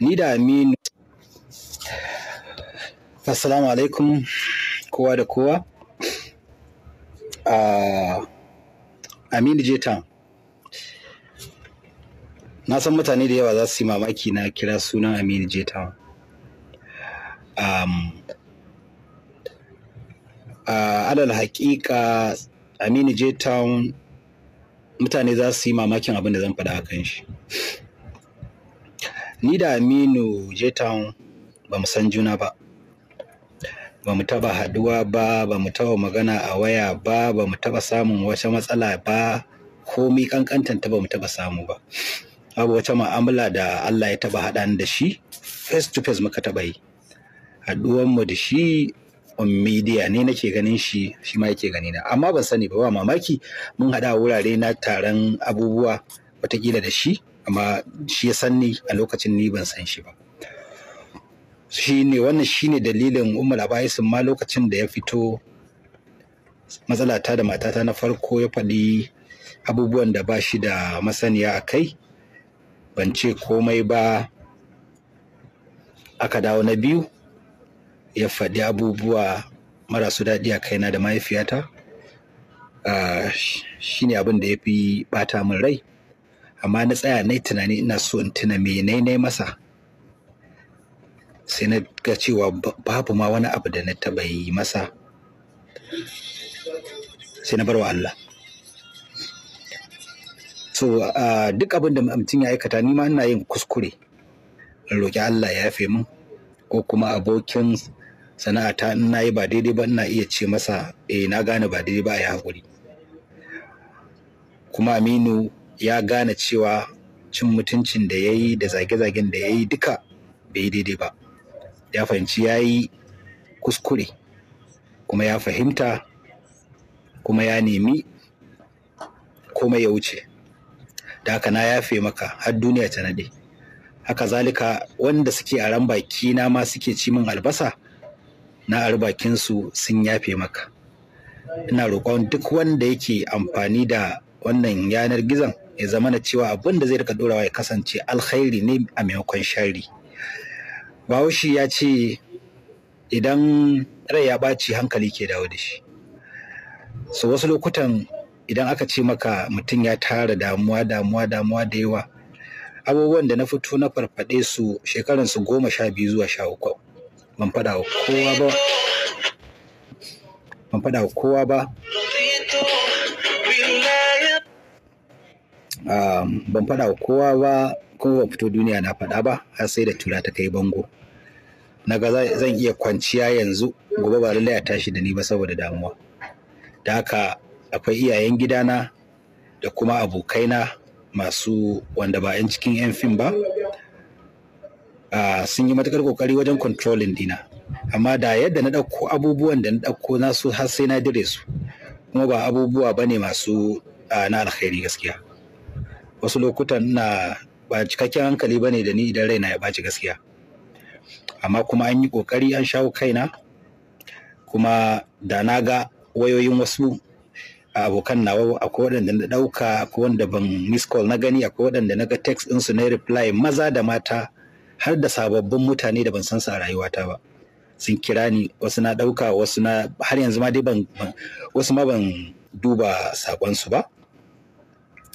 ni da Aminu. Assalamu alaikum kowa da kowa. Uh, Aminu Jetan. Na san mutane da yawa za su yi mamaki na kira sunan Aminu Jetan. Um, uh, alal haƙiƙa Aminu Jetan mutane za su yi mamakin abin da zan faɗa a kan shi. ni da Aminu je town ba mu san juna ba ba mu taba haduwa ba ba mu taba magana a waya ba ba mu taba samun wata matsala ba komi ta ba mu taba samu ba abu wata ma'amala da Allah ya taba haɗa ni da shi face to face muka taba yi haduwanmu da shi on media ne nake ganin shi shi ma yake gani na amma ban sani ba ba mamaki mun haɗa wurare na taron abubuwa watakila da shi amma shi ya san ni a lokacin ni ban san shi ba shi ne wannan shi ne dalilin umar abaisin ma lokacin da ya fito matsalata da matata na farko ya faɗi abubuwan da ba shi da masaniya a kai ban ce komai ba aka dawo na biyu ya faɗi abubuwa marasu daɗi a kaina da mahaifiyata ah, shi ne abin da ya fi ɓata min rai amma na tsaya na tunani ina so in tuna menene nai nai masa sai na ga cewa babu ma wani abu da na taɓa yi masa sai na barwa Allah so duk abin da mutum ya aikata ni ma ina yin kuskure in roƙi Allah ya yafe min ko kuma abokin sana'a in na yi ba daidai ba ina iya ce masa eh na gane ba daidai ba a yi haƙuri kuma aminu ya gane cewa cin mutuncin da ya yi da zage-zagen da ya yi duka bai daidai ba ya fahimci ya yi kuskure kuma ya fahimta kuma ya nemi kuma ya wuce da haka na yafe maka har duniya ta nade haka zalika wanda suke a ran baki na ma suke ci min albasa na arbakinsu sun yafe maka ina roƙon duk wanda yake amfani da wannan yanar gizon ya zama na cewa abin da zai rika dorawa ya kasance alkhairi ne a maimakon shari bahaushe ya ce idan rai ya ɓaci hankali ke dawo da shi so wasu lokutan idan aka ce maka mutum ya tara damuwa damuwa damuwa da yawa abubuwan da na fito na farfaɗe su shekaran su goma sha biyu zuwa sha uku ban faɗa wa kowa ba ban faɗa wa kowa ba kuma ban fito duniya na faɗa ba har sai da tura ta kai bango na ga zan iya kwanciya yanzu gobe ba lallai a tashi da ni ba saboda damuwa da haka akwai iyayen gidana da kuma abokaina masu wanda ba 'yan cikin 'yan fim ba sun yi matukar ƙoƙari wajen controlling dina amma da yadda na ɗauko abubuwan da na ɗauko nasu har sai na dire su kuma ba abubuwa ba ne masu na alkhairi gaskiya wasu lokutan na ba cikakken hankali ba ne da ni idan raina ya ɓaci gaskiya amma kuma an yi ƙoƙari an shawo kaina kuma da na ga wayoyin wasu a abokan nawa akwai waɗanda na ɗauka akwai wanda ban miss call na gani akwai waɗanda na ga text ɗinsu na reply maza da mata har da sababbin mutane da ban san su a rayuwata ba sun kira ni wasu na ɗauka wasu na har yanzu ma dai ban wasu ma ban duba saƙonsu ba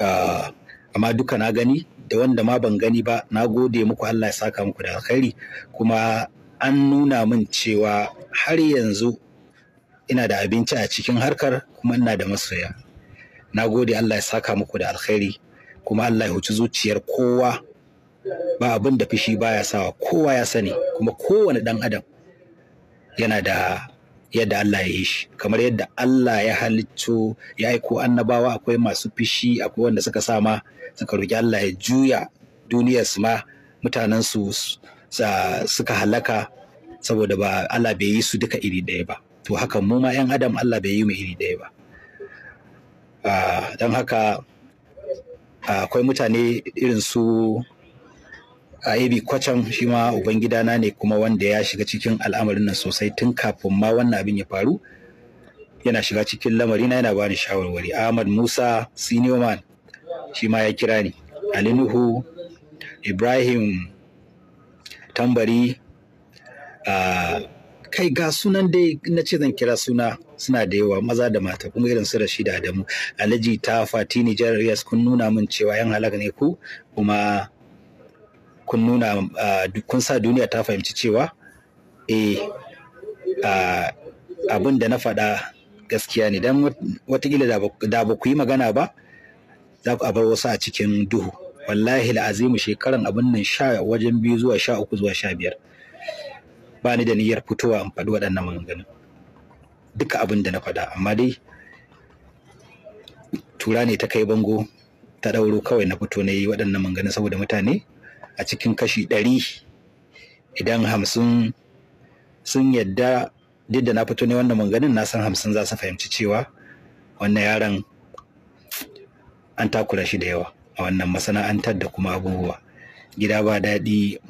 ah, amma duka na gani da wanda ma ban gani ba na gode muku Allah ya saka muku da alkhairi kuma an nuna min cewa har yanzu ina da abinci a cikin harkar kuma ina da masoya na gode Allah ya saka muku da alkhairi kuma Allah ya huci zuciyar kowa ba abin da fushi baya sawa kowa ya sani kuma kowane dan adam yana da yadda Allah ya yi shi kamar yadda Allah ya halicco ya aiko annabawa akwai masu fishi akwai wanda suka sa ma suka roƙi Allah ya juya duniya su ma mutanen su suka halaka saboda ba Allah bai yi su duka iri ɗaya ba to haka mu ma 'yan adam Allah bai yi mu iri ɗaya ba don haka akwai mutane irin su a ab kwacan shi ma ubangidana ne kuma wanda ya shiga cikin al'amarin nan sosai tun kafin ma wannan abin ya faru yana shiga cikin lamari na yana bani shawarwari ahmad musa senior man shi ma ya kira ni ali nuhu ibrahim tambari uh, kai ga sunan dai na ce zan kira suna suna da yawa maza da mata kuma irin su Rashida Adamu Alhaji ta Fatini Jar Riyas kun nuna min cewa yan halaka ne ku kuma kun nuna kun sa duniya ta fahimci cewa e, abin da na faɗa gaskiya ne don watakila da ba ku yi magana ba za ku abar wasu a cikin duhu wallahi la'azimu shekaran abin nan sha wajen biyu zuwa sha uku zuwa sha biyar ba ni da niyyar fitowa in faɗi waɗannan maganganu duka abin da na faɗa amma dai tura ne ta kai bango ta ɗauro kawai na fito na yi waɗannan maganganu saboda mutane a cikin kashi ɗari idan hamsin sun yadda duk da na fito ne wannan manganin na san hamsin za su fahimci cewa wannan yaron an takura shi da yawa a wannan masana'antar da kuma abubuwa gida ba daɗi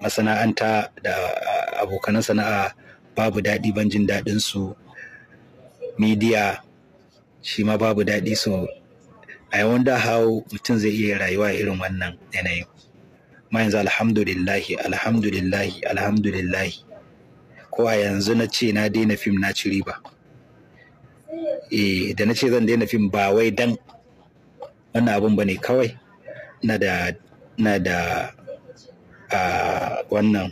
masana'anta da abokanan sana'a babu daɗi ban jin daɗin su midiya shi ma babu daɗi so yawan da Hau mutum zai iya rayuwa irin wannan yanayin ma yanzu alhamdulillahi alhamdulillahi alhamdulillahi ko a yanzu na ce na daina fim na ci riba eh da na ce zan daina fim ba wai dan wannan abun bane kawai na da na da a wannan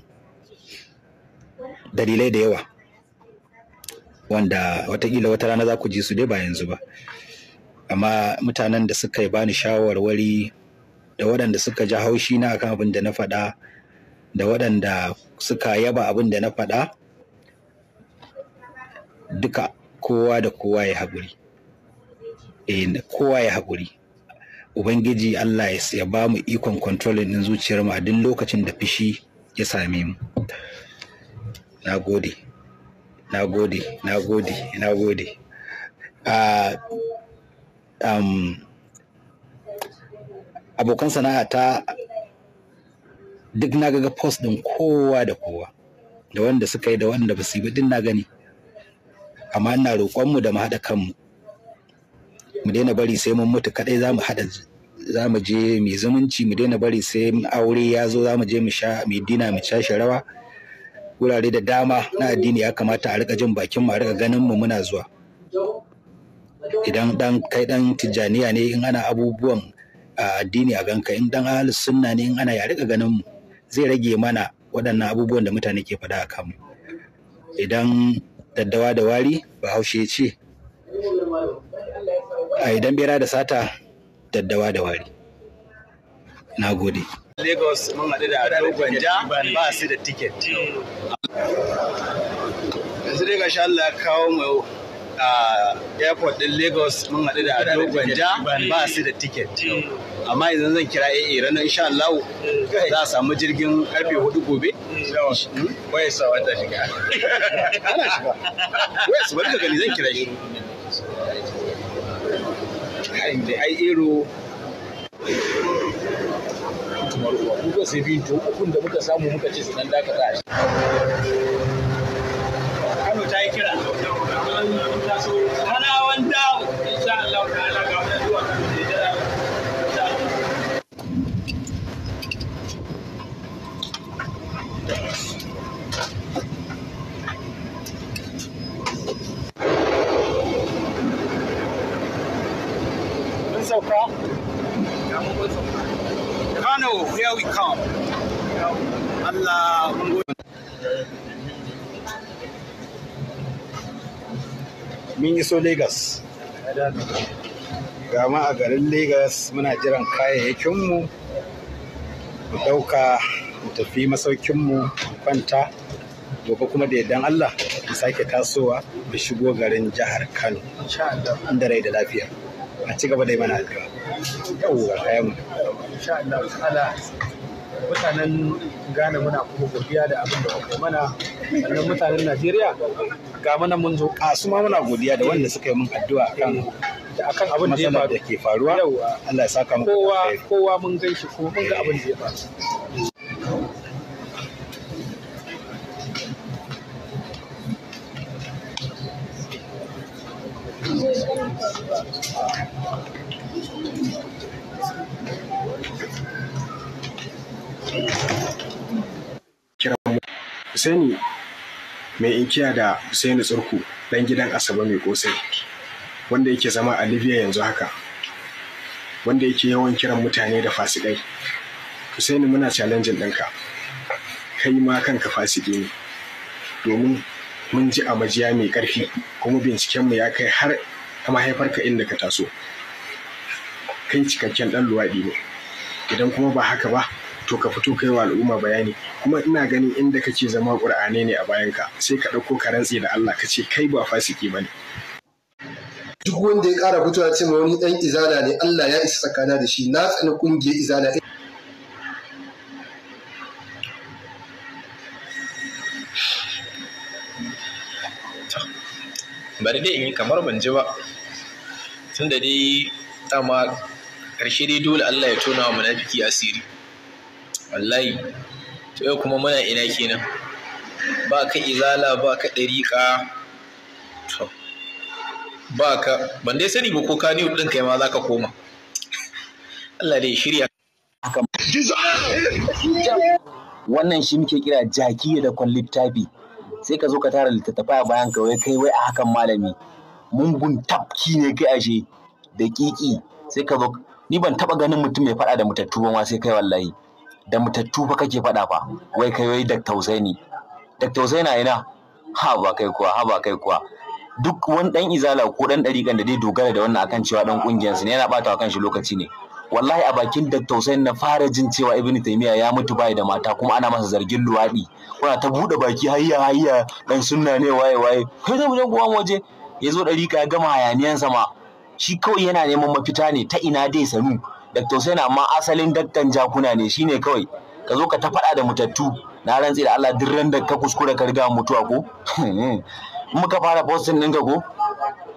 dalilai da yawa wanda watakila wata rana za ku ji su dai ba yanzu ba amma mutanen da suka yi bani shawarwari da waɗanda suka ji haushi na kan abin da na faɗa da waɗanda suka yaba abin da na faɗa duka kowa da kowa ya haƙuri eh, kowa ya haƙuri ubangiji allah ya ba mu ikon kontrolin din zuciyar mu a duk lokacin da fushi ya same mu na gode na gode na gode na ah, um, abokan sana'a ta duk na ga post din kowa da kowa da wanda suka yi da wanda ba su yi din na gani amma ina mu da mu haɗa kanmu mu daina bari sai mun mutu kaɗai za mu haɗa za mu je mai zumunci mu daina bari sai aure ya zo za mu je mu sha mai dina mu sha rawa wurare da dama na addini ya kamata a rika jin bakin mu a rika ganin mu muna zuwa idan dan kai dan tijjaniya ne in ana abubuwan a addini a ganka in dan ahlus sunna ne in ana ya rika ganin mu zai rage mana waɗannan abubuwan da mutane ke faɗa a kanmu idan daddawa da wari bahaushe ya ce a idan bera da sata daddawa da wari na gode lagos mun haɗu da abubuwan ja ba su da tiket yanzu dai sha allah ya kawo mu a airport din lagos mun haɗu da abubuwan ja ba su da tiket amma idan zan kira AA ranar insha Allah za a samu jirgin karfe hudu gobe wai sa wata shiga ana shiga wai su bari ka gani zan kira shi ai ero kuka sai bintu ukun da muka samu muka ce sanan dakata a shi iso Legas. Gama a garin Legas muna jiran kayayyakinmu mu ɗauka mu tafi masaukinmu kwanta gobe kuma da yardan Allah mu sake tasowa mu shigo garin jihar Kano inda rai da lafiya a ci gaba da mana yau yawwa kayan mu mutanen Ghana muna kuma godiya da abin da kuka mana mutanen Najeriya ga mana mun zo a ah, su ma muna godiya da wanda suka yi mun addu'a kan da akan abin da ya ke faruwa Allah ya saka muku kowa kowa mun shi ko mun ga abin da ya faru Sani mai inkiya da Husainu Tsurku dan gidan Asaba mai kosai wanda yake zama a Libya yanzu haka wanda yake yawan kiran mutane da fasikai Husainu muna challenge ɗinka kai ma kanka fasiki ne domin mun ji a majiya mai ƙarfi kuma binciken mu ya kai har mahaifar mahaifarka inda ka taso kai cikakken ɗan luwaɗi ne idan kuma ba haka ba to ka fito kai wa al'umma bayani kuma ina ganin inda kake zama ƙur'ane ne a bayan ka, sai ka ɗauko ka rantse da Allah ka ce kai ba fasiki ba ne. Duk wanda ya ƙara fitowa ce ma wani ɗan izala ne Allah ya isa tsakana da shi na tsani ƙungiyar izala. Bari dai in yi kamar ban ji ba tun da dai dama ƙarshe dai dole Allah ya tona wa munafiki asiri. wallahi to yau kuma muna ina kenan ba ka izala ba ka ɗariƙa to ba ka ban dai sani ba ko ka ni ɗin kai ma za ka koma Allah dai shirya wannan shi muke kira jakiya da kwan littafi sai ka zo ka tara littattafai a bayan ka wai kai wai a hakan malami mungun tafki ne kai ashe da kiki sai ka zo ni ban taba ganin mutum mai faɗa da mutattu ba ma sai kai wallahi da mutattu fa kake faɗa fa wai kai wai Dr. Husaini Dr. Husaini ina ha ba kai kuwa ha ba kai kuwa duk wani dan izala ko dan dariƙan da zai dogara da wannan akan cewa dan kungiyar su ne yana bata kan shi lokaci ne wallahi a bakin Dr. Husaini na fara jin cewa Ibn Taymiyyah ya mutu bai da mata kuma ana masa zargin luwaɗi kuna ta buɗe baki hayya hayya dan sunna ne waye waye kai da mujan kuwa waje ya zo dariƙa ya gama hayaniyansa ma shi kawai yana neman mafita ne ta ina dai sanu Dr. Hussein amma asalin daktan jakuna ne shine kawai ka zo ka ta faɗa da mutattu na rantsi da Allah duk randa da ka kuskura ka riga mutuwa ko muka fara posting ka ko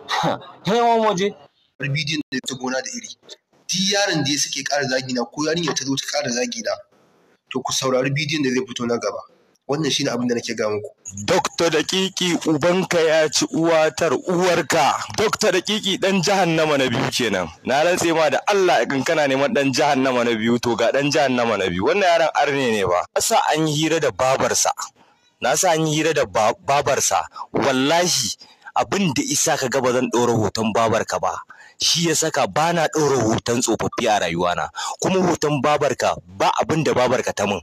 he wani waje bidiyon da ta gona da iri ti yaron da ya suke ƙara zagina ko yarinya ta zo ta ƙara zagina to ku saurari bidiyon da zai fito na gaba wannan shine abin da nake ga muku Dr. Dakiki ubanka ya ci uwatar uwarka Dr. Dakiki ɗan jahannama na biyu kenan na rantse ma da Allah in kana neman dan jahannama na biyu to ga dan jahannama na biyu wannan yaran arne ne ba asa an hira da babarsa na sa an yi hira da babarsa wallahi abin da isa ka ga ba zan ɗora hoton babarka ba shi ya saka ba na ɗora hoton tsofaffi a rayuwana kuma hoton babarka ba abin da babarka ta min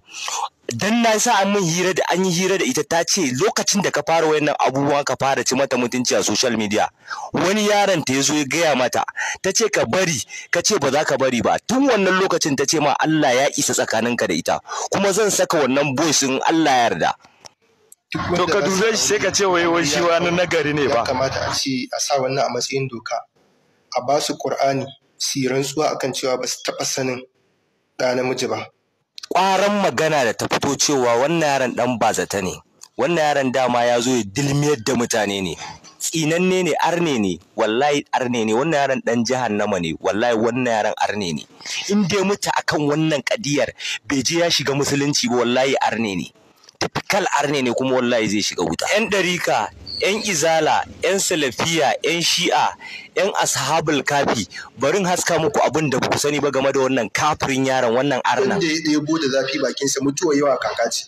dan na sa an min hira da an yi hira da ita ta ce lokacin da ka fara wayannan abubuwa ka fara ci mata mutunci a social media wani yaron ta yazo ya gaya mata ta ce ka bari ka ce ba za ka bari ba tun wannan lokacin ta ce ma Allah ya isa tsakaninka da ita kuma zan saka wannan voice in Allah ya yarda to ka dube shi sai ka ce wai wai shi wani nagari ne ba ya kamata a ce a sa wannan a matsayin doka a ba su Qur'ani su yi rantsuwa akan cewa ba su taɓa sanin ɗa namiji ba. Ƙwaran magana da ta fito cewa wannan yaron ɗan ba zata ne, wannan yaron dama ya zo ya dilmiyar da mutane ne. Tsinanne ne arne ne, wallahi arne ne, wannan yaron ɗan jihar nama ne, wallahi wannan yaron arne ne. In dai mutu akan wannan ƙadiyar bai je ya shiga musulunci ba wallahi arne ne. Typical arne ne kuma wallahi zai shiga wuta. ‘Yan ɗarika 'yan izala 'yan salafiya 'yan shi'a 'yan ashabul kafi barin haska muku abin da ku sani ba game da wannan kafirin yaron wannan arna wanda ya ɗebo da zafi bakinsa mutuwa yawa kaka ce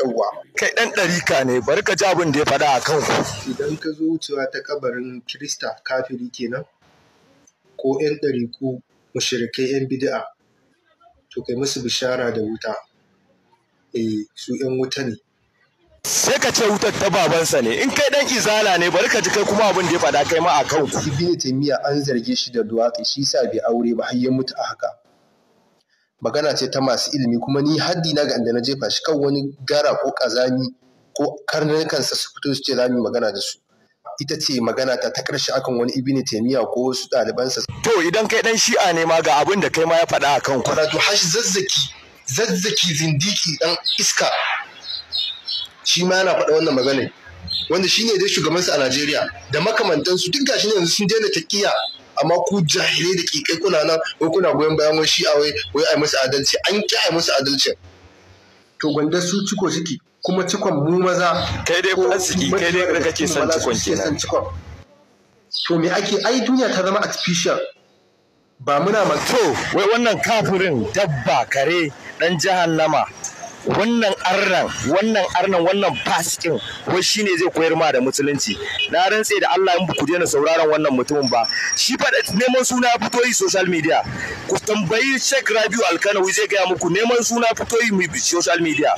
yawwa kai dari ɗarika ne bari ka ji abin da ya faɗa a ku idan ka zo wucewa ta kabarin kirista kafiri kenan ko 'yan ɗariku mushirikai 'yan bid'a to kai musu bishara da wuta eh su 'yan wuta ne sai ka ce wutar ta babansa ne in kai dan izala ne bari ka ji kai kuma abin da ya faɗa kai ma a kan ku ibn taymiya an zarge shi da duwatsu shi sa bai aure ba har ya mutu a haka magana ce ta masu ilimi kuma ni haddi na ga inda na jefa shi kan wani gara ko kazani ko karnin kansa su fito su ce za mu magana da su ita ce magana ta ta ƙarshe akan wani ibini taimiya ko wasu ɗalibansa. To idan kai dan shi'a ne ma ga abin da kai ma ya faɗa a kan ku. Wato hash zazzaki zazzaki zindiki ɗan iska shi ma yana faɗa wannan magana wanda shi ne dai shugabansu a Najeriya da makamantansu duk gashi ne yanzu sun daina takiya amma ku jahilai da kai kuna nan ko kuna goyon bayan wani a wai wai ai musu adalci an ƙi ai musu adalci to gwanda su ciko ciki, kuma cikon mu maza kai dai fasiki kai dai kake son cikon kenan to me ake ai duniya ta zama artificial ba muna to wai wannan kafirin dabba kare dan jahannama wannan arnan wannan arnan wannan fasikin shi shine zai koyar ma da musulunci na rantse da Allah in ku daina sauraron wannan mutumin ba shi fa neman suna fito yi social media ku tambayi Sheikh Rabiu Alkanawi zai gaya muku neman suna fito yi social media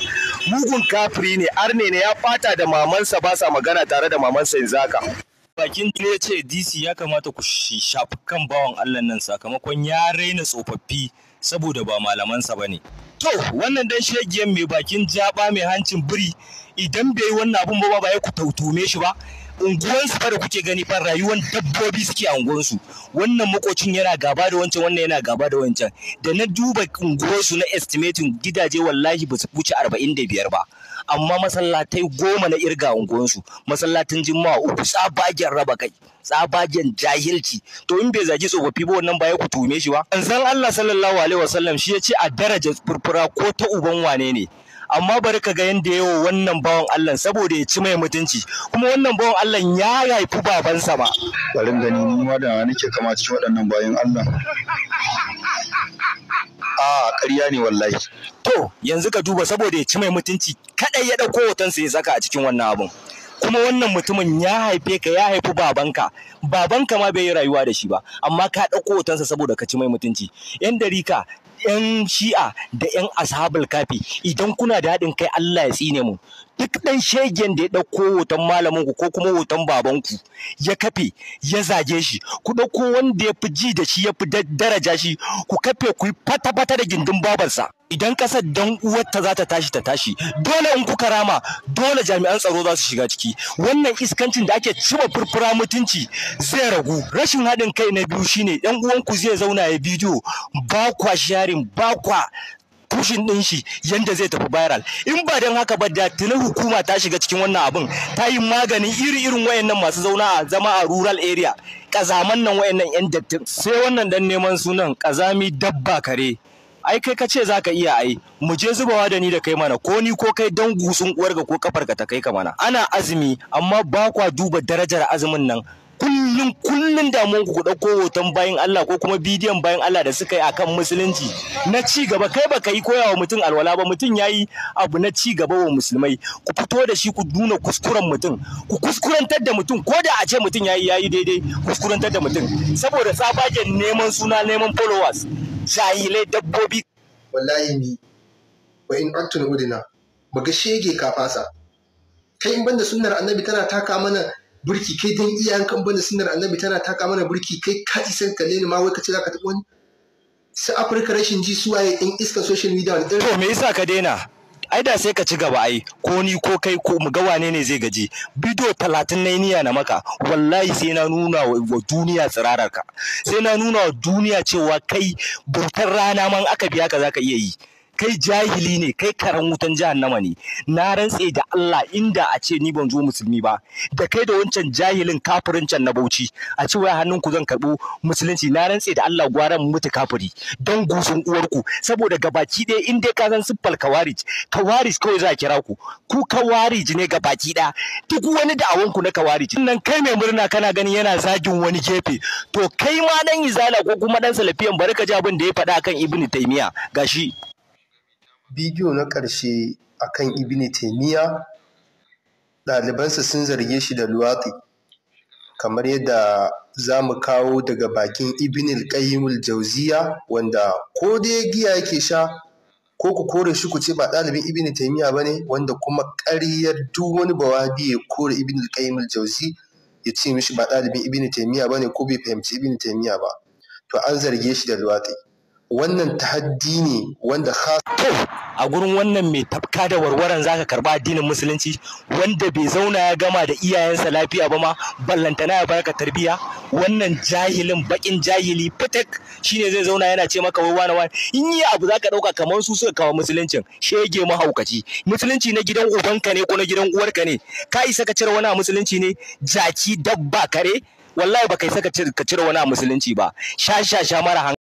mugun kafiri ne arne ne ya fata da mamansa ba sa magana tare da mamansa yanzu haka bakin ne ce DC ya kamata ku shafi kan bawan Allah nan sakamakon ya raina tsofaffi saboda ba malamansa bane to wannan dan shegiyan mai bakin jaba mai hancin biri idan bai wannan abun ba ba ya ku tautume shi ba unguwansu fa da kuke gani fa rayuwar dabbobi suke a unguwansu wannan makocin yana gaba da wancan wannan yana gaba da wancan da na duba unguwarsu na estimating gidaje wallahi ba su wuce biyar ba amma masallatai goma na irga unguwansu masallatin jimma uku tsabagen raba kai tsabagen jahilci to in bai zagi tsofaffi ba wannan ba ya ku tume shi ba manzon Allah sallallahu alaihi wasallam shi ya ce a daraja furfura ko ta uban wane ne amma bari ka ga yadda yawo wannan bawan Allah saboda ya ci mai mutunci kuma wannan bawan Allah ya haifi babansa ba garin gani ni ma da nake kama cikin waɗannan bayan Allah a ƙarya ne wallahi to yanzu ka duba saboda ya ci mai mutunci kadai ya ɗauko hotonsa ya saka a cikin wannan abun kuma wannan mutumin ya haife ka ya haifi babanka babanka ma bai yi rayuwa da shi ba amma ka ɗauko hotonsa saboda ka ci mai mutunci yan ka 'yan shi'a da 'yan ashabul kafi idan kuna da haɗin kai Allah ya tsine mu duk ɗan shegen da ya ɗauko hoton malamin ku ko kuma hoton babanku ya kafe ya zage shi ku ɗauko wanda ya fi ji da shi ya fi daraja shi ku kafe ku yi fata-fata da gindin babarsa idan ƙasar dan uwarta za ta tashi ta tashi dole in kuka rama dole jami'an tsaro za su shiga ciki wannan iskancin da ake cima furfura mutunci zai ragu rashin haɗin kai na biyu shine ɗan uwanku zai zauna ya bidiyo ba kwa sharing ba kwa pushing din shi yanda zai tafi viral in ba don haka ba da tuna hukuma ta shiga cikin wannan abun ta yi maganin iri irin wayannan masu zauna a zama a rural area kazaman nan wayannan yan dattin sai wannan dan neman sunan kazami dabba kare ai kai ka ce za ka iya ai mu je zubawa da ni da kai mana ko ni ko kai dan gusun uwarka ko kafarka ta kai ka mana ana azumi amma ba kwa duba darajar azumin nan kullum kullum damuwan ku ɗauko hoton bayan Allah ko kuma bidiyon bayan Allah da suka yi akan musulunci na ci gaba kai baka yi koyawa mutum alwala ba mutum yayi abu na ci gaba wa musulmai ku fito da shi ku nuna kuskuren mutum ku kuskurantar da mutum ko da a ce mutum yayi yayi daidai kuskurantar da mutum saboda tsabagen neman suna neman followers jahilai dabbobi wallahi ni wa in antun udina muga shege ka fasa kai in banda sunnar annabi tana taka mana burki kai dan iyayen kan bane sunnar annabi tana taka mana burki kai ka isa kalle ni ma wai kace zaka taɓa wani su afirka rashin ji su waye in iska social media wani to me yasa ka daina ai da sai ka ci gaba ai ko ni ko kai ko mu ga wane ne zai gaji bidiyo talatin na niyya na maka wallahi sai na nuna wa duniya tsirararka sai na nuna wa duniya cewa kai bautar rana man aka biya ka zaka iya yi kai jahili ne kai karan wutan jahannama ne na rantse da Allah inda a ce ni ban zo musulmi ba da kai da wancan jahilin kafirin can na bauchi a ce wai hannun ku zan karbo musulunci na rantse da Allah gwaran mutu kafiri don gusun uwarku saboda gabaki ɗaya in dai ka san siffal kawarij kawarij kawai za a kira ku ku kawarij ne gabaki ɗaya duk wani da'awan ku na kawarij nan kai mai murna kana gani yana zagin wani gefe to kai ma dan izala ko kuma dan salafiyan bari ka ji abin da ya faɗa akan ibnu taymiya gashi bidiyo na ƙarshe akan ibini taimiya ɗalibansa sun zarge shi da luwaƙi kamar yadda za mu kawo daga bakin Ibn al Jauziya wanda ko dai giya yake sha ko ku kore shi ku ce ba ɗalibin Ibn ba ne wanda kuma ƙaryar duk wani bawabi ya kore ibini al Jauzi ya ce mishi ba ɗalibin Ibn ba ne ko bai fahimci ibini taimiya ba to an zarge shi da luwatsi wannan tahaddi ne wanda to a gurin wannan mai tafka da warwaran zaka karba addinin musulunci wanda bai zauna ya gama da iyayensa lafiya ba ma ballantana ya baka tarbiya wannan jahilin bakin jahili fitak shine zai zauna yana ce maka wai wani wani in yi abu zaka dauka kamar su suka kawo musuluncin shege mahaukaci musulunci na gidan ubanka ne ko na gidan uwarka ne ka isa ka cire wani musulunci ne jaki dabba kare wallahi baka isa ka cire wani musulunci ba sha sha sha mara